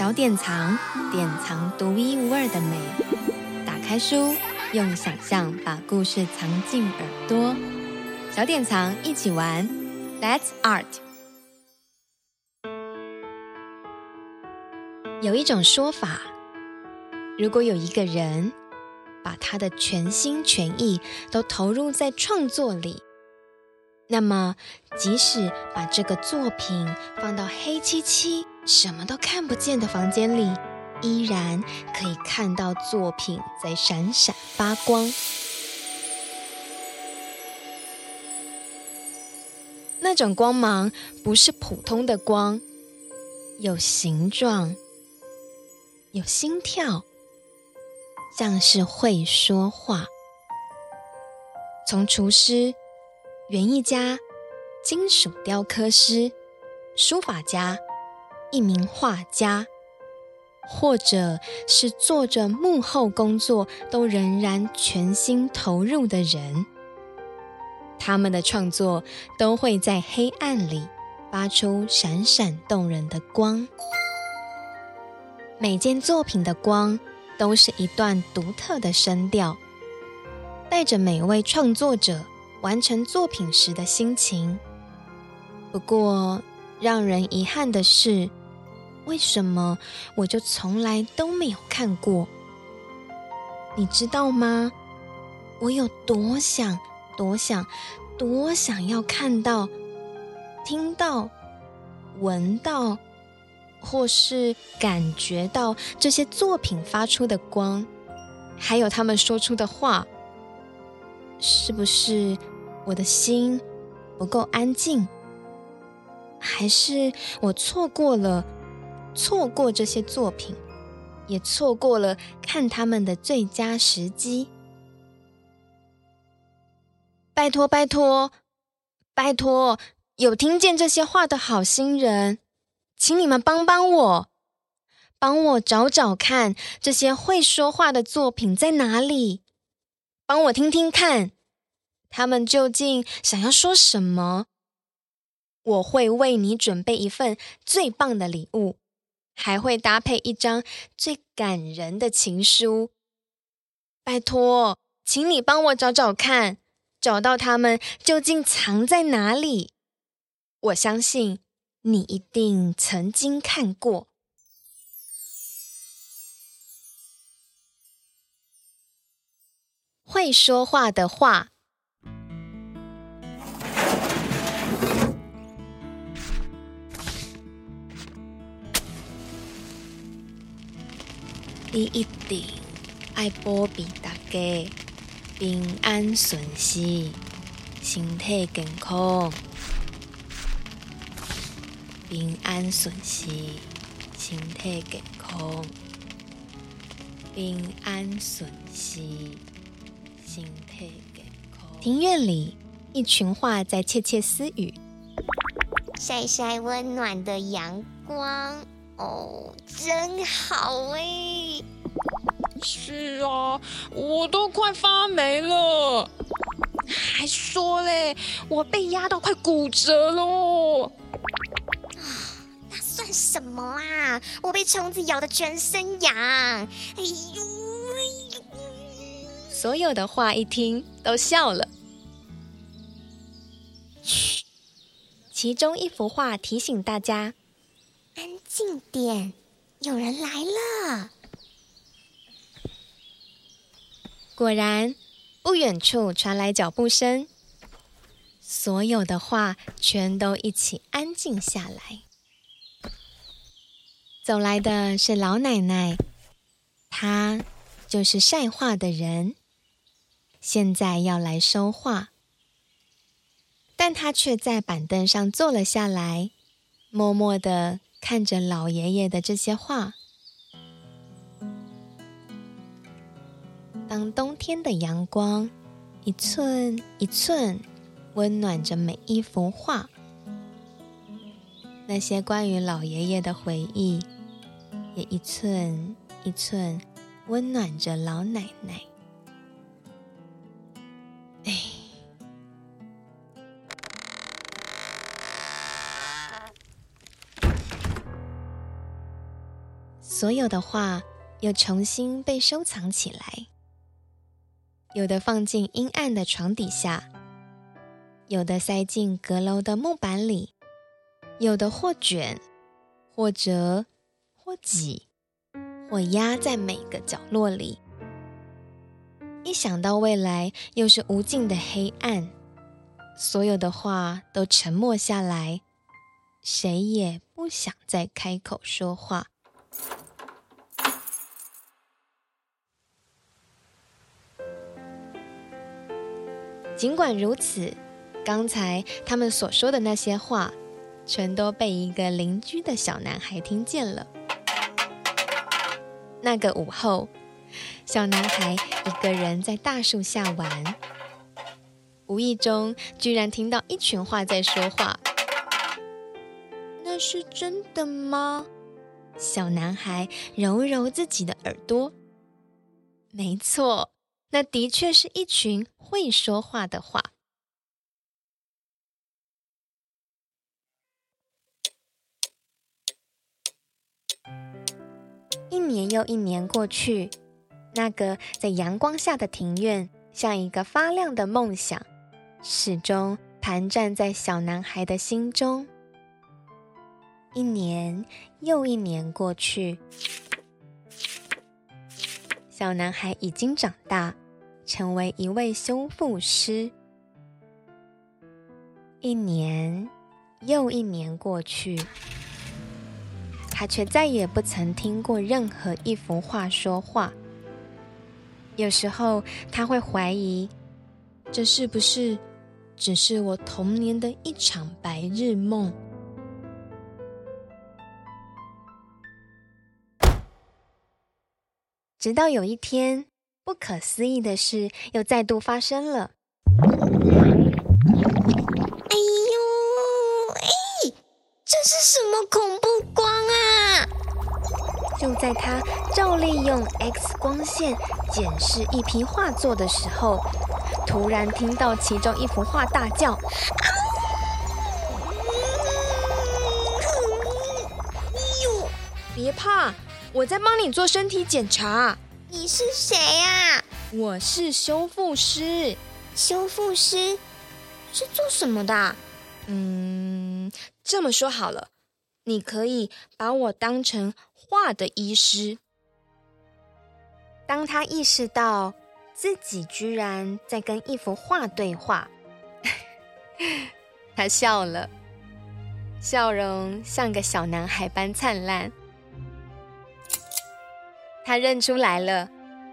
小典藏，典藏獨一無二的美。打開書，用想象把故事藏進耳朵。小典藏，一起玩，Let's Art。有一種說法，如果有一個人把他的全心全意都投入在創作裡。那麼，即使把這個作品放到黑漆漆、什麼都看不見的房間裡，依然可以看到作品在閃閃發光。那種光芒不是普通的光，有形狀，有心跳，像是會說話。從廚師。園藝家、金屬雕刻師、書法家、一名畫家，或者是做着幕後工作都仍然全心投入的人，他們的創作都會在黑暗裡發出閃閃動人的光。每件作品的光都是一段獨特的聲調，帶着每位創作者。完成作品時的心情。不過，讓人遺憾的是，為什麼我就從來都沒有看過？你知道嗎？我有多想、多想、多想要看到、聽到、聞到，或是感覺到這些作品發出的光，還有他們說出的話。是不是我的心不夠安靜？還是我錯過了，錯過這些作品，也錯過了看他們的最佳時機？拜托拜託拜託！有聽見這些話的好心人，請你們幫幫我，幫我找找看這些會說話的作品在哪裡。幫我聽聽看，他們究竟想要說什麼？我會為你準備一份最棒的禮物，還會搭配一張最感人的情書。拜托，請你幫我找找看，找到他們究竟藏在哪裡？我相信你一定曾經看過。會說話的畫，你一定愛。波比大哥，平安順遂，身體健康，平安順遂，身體健康，平安順遂。庭院裡，一群畫在竊竊私語，曬曬溫暖的陽光哦，真好嘞。是啊，我都快發霉了，還說嘞，我被壓到快骨折嘍。啊、哦，那算什麼啊？我被蟲子咬得全身癢，哎呦！所有的畫一聽都笑了。噓，其中一幅畫提醒大家安靜點，有人來了。果然，不遠處傳來腳步聲。所有的畫全都一起安靜下來。走來的是老奶奶，她就是曬畫的人。現在要來收畫，但他卻在板凳上坐了下來，默默地看着老爺爺的這些畫。當冬天的陽光一寸一寸溫暖着每一幅畫，那些關於老爺爺的回憶也一寸一寸溫暖着老奶奶。所有的話又重新被收藏起來，有的放進陰暗的床底下，有的塞進閣樓的木板裡，有的或捲，或者或擠，或壓在每個角落裡。一想到未來又是無盡的黑暗，所有的話都沉默下來，誰也不想再開口說話。儘管如此，剛才他們所說的那些話，全都被一個鄰居的小男孩聽見了。那個午後，小男孩一個人在大樹下玩，無意中居然聽到一群畫在說話。那是真的嗎？小男孩揉揉自己的耳朵。沒錯。那的確是一群會說話的畫。一年又一年過去，那個在陽光下的庭院，像一個發亮的夢想，始終盤站在小男孩的心中。一年又一年過去。小男孩已經長大，成為一位修復師。一年又一年過去，他卻再也不曾聽過任何一幅畫說話。有時候，他會懷疑，這是不是只是我童年的一場白日夢？直到有一天，不可思議的事又再度發生了。哎呦，哎，這是什麼恐怖光啊？就在他照例用 X 光線檢視一批畫作的時候，突然聽到其中一幅畫大叫：“啊！”哎呦，別怕。我在幫你做身體檢查。你是誰呀？我是修復師。修復師是做什麼的？嗯，這麼說好了，你可以把我當成畫的醫師。當他意識到自己居然在跟一幅畫對話，他笑了，笑容像個小男孩般燦爛。他認出來了，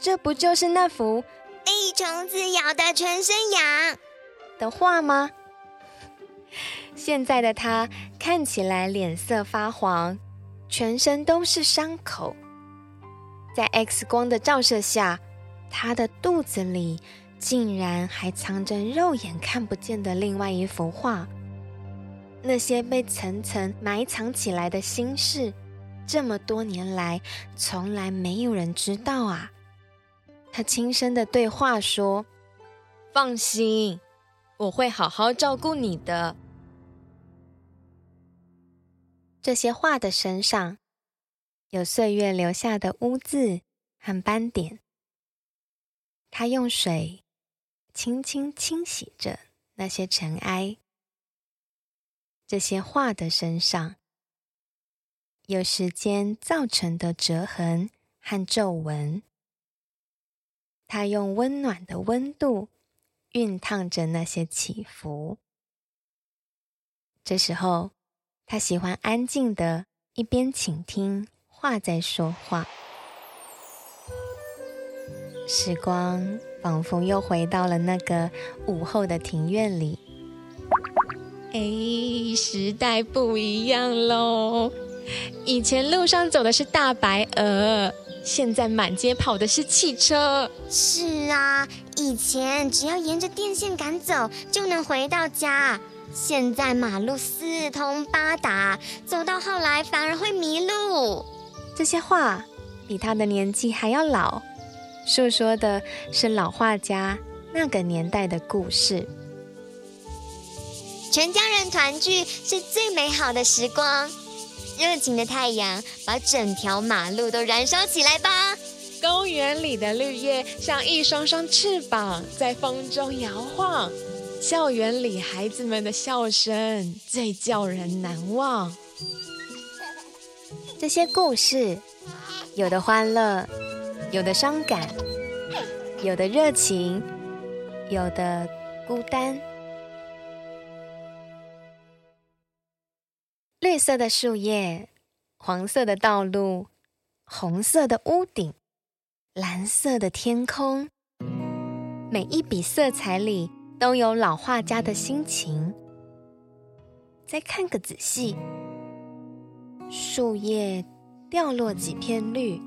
這不就是那幅“被蟲子咬的全身癢”的畫嗎？現在的他看起來臉色發黃，全身都是傷口。在 X 光的照射下，他的肚子裡竟然還藏着肉眼看不見的另外一幅畫，那些被層層埋藏起來的心事。這麼多年來，從來沒有人知道啊。他輕聲的對畫說：“放心，我會好好照顧你的。”這些畫的身上有歲月留下的污漬和斑點，他用水輕輕清洗着那些塵埃。這些畫的身上。有時間造成的折痕和皺紋，他用溫暖的溫度熨燙着那些起伏。這時候，他喜歡安靜地，一邊傾聽畫在說話。時光仿佛又回到了那個午後的庭院裡。哎，時代不一樣嘍。以前路上走的是大白鵝，現在滿街跑的是汽車。是啊，以前只要沿着電線桿走就能回到家，現在馬路四通八達，走到後來反而會迷路。這些畫，比他的年紀還要老，訴說的是老畫家那個年代的故事。全家人團聚是最美好的時光。熱情的太陽把整條馬路都燃燒起來吧。公園裡的綠葉像一雙雙翅膀在風中搖晃。校園裡孩子們的笑聲最叫人難忘。這些故事，有的歡樂，有的傷感，有的熱情，有的孤單。綠色的樹葉，黃色的道路，紅色的屋頂，藍色的天空。每一筆色彩裡都有老畫家的心情。再看個仔細，樹葉掉落幾片綠，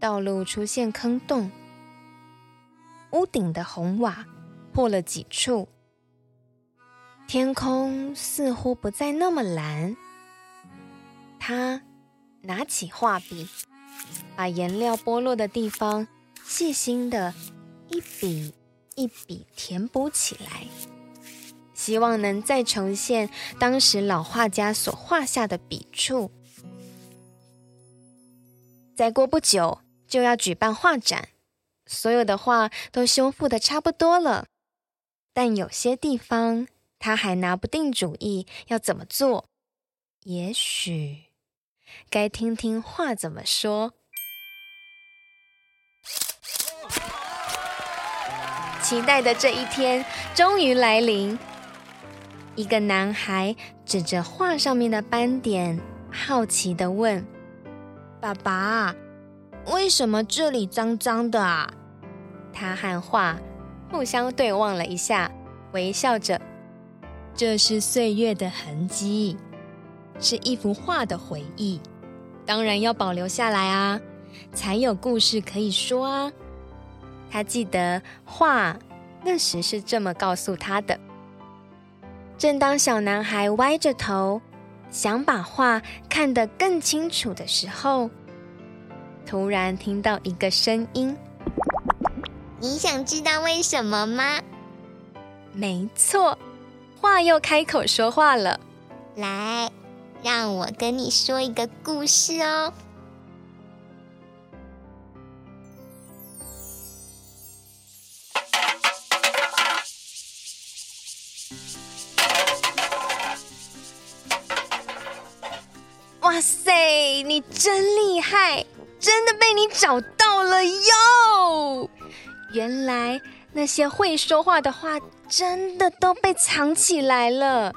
道路出現坑洞，屋頂的紅瓦破了幾處。天空似乎不再那麼藍。他拿起畫筆，把顏料剝落的地方細心的一筆一筆填補起來，希望能再重現當時老畫家所畫下的筆觸。再過不久就要舉辦畫展，所有的畫都修復的差不多了，但有些地方。他還拿不定主意要怎麼做，也許該聽聽畫怎麼說。期待的這一天終於來臨。一個男孩指着畫上面的斑點，好奇的問：“爸爸，為什麼這裡髒髒的啊？”他和畫互相對望了一下，微笑着。這是歲月的痕跡，是一幅畫的回憶，當然要保留下來啊，才有故事可以說啊。他記得畫那時是這麼告訴他的。正當小男孩歪着頭想把畫看得更清楚的時候，突然聽到一個聲音：“你想知道為什麼嗎？”沒錯。畫又開口說話了，來，讓我跟你說一個故事哦。哇塞，你真厲害，真的被你找到了喲！Yo! 原來那些會說話的畫，真的都被藏起來了，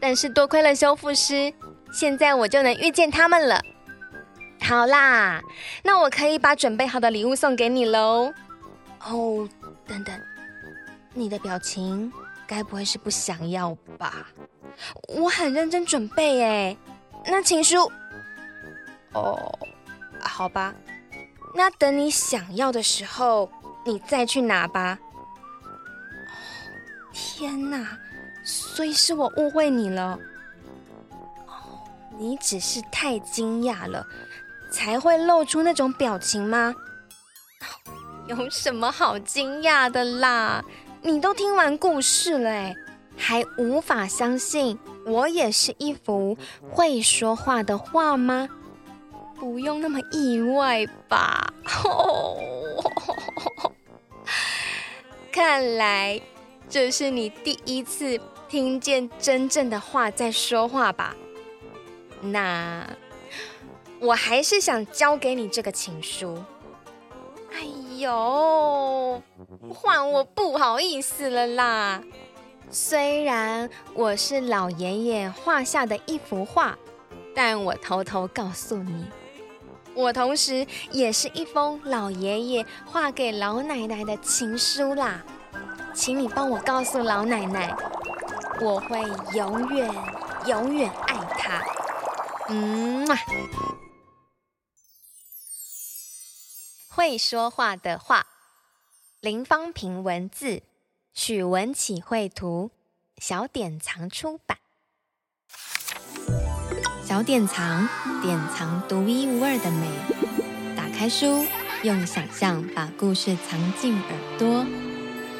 但是多虧了修復師，現在我就能遇見他們了。好啦，那我可以把準備好的禮物送給你嘍。哦，等等，你的表情該不會是不想要吧？我很認真準備哎，那情書……哦，好吧，那等你想要的時候，你再去拿吧。天哪，所以是我誤會你了。你只是太驚訝了，才會露出那種表情嗎？哦？有什麼好驚訝的啦？你都聽完故事了，哎，還無法相信我也是一幅會說話的畫嗎？不用那麼意外吧。看來，這是你第一次聽見真正的畫在說話吧？那我還是想交給你這個情書。哎呦，換我不好意思了啦！雖然我是老爺爺畫下的一幅畫，但我偷偷告訴你，我同時也是一封老爺爺畫給老奶奶的情書啦。請你幫我告訴老奶奶，我會永遠永遠愛她。嗯嘛，會說話的畫，林芳萍文字，許文綺繪圖，小典藏出版。小典藏，典藏獨一無二的美。打開書，用想象把故事藏進耳朵。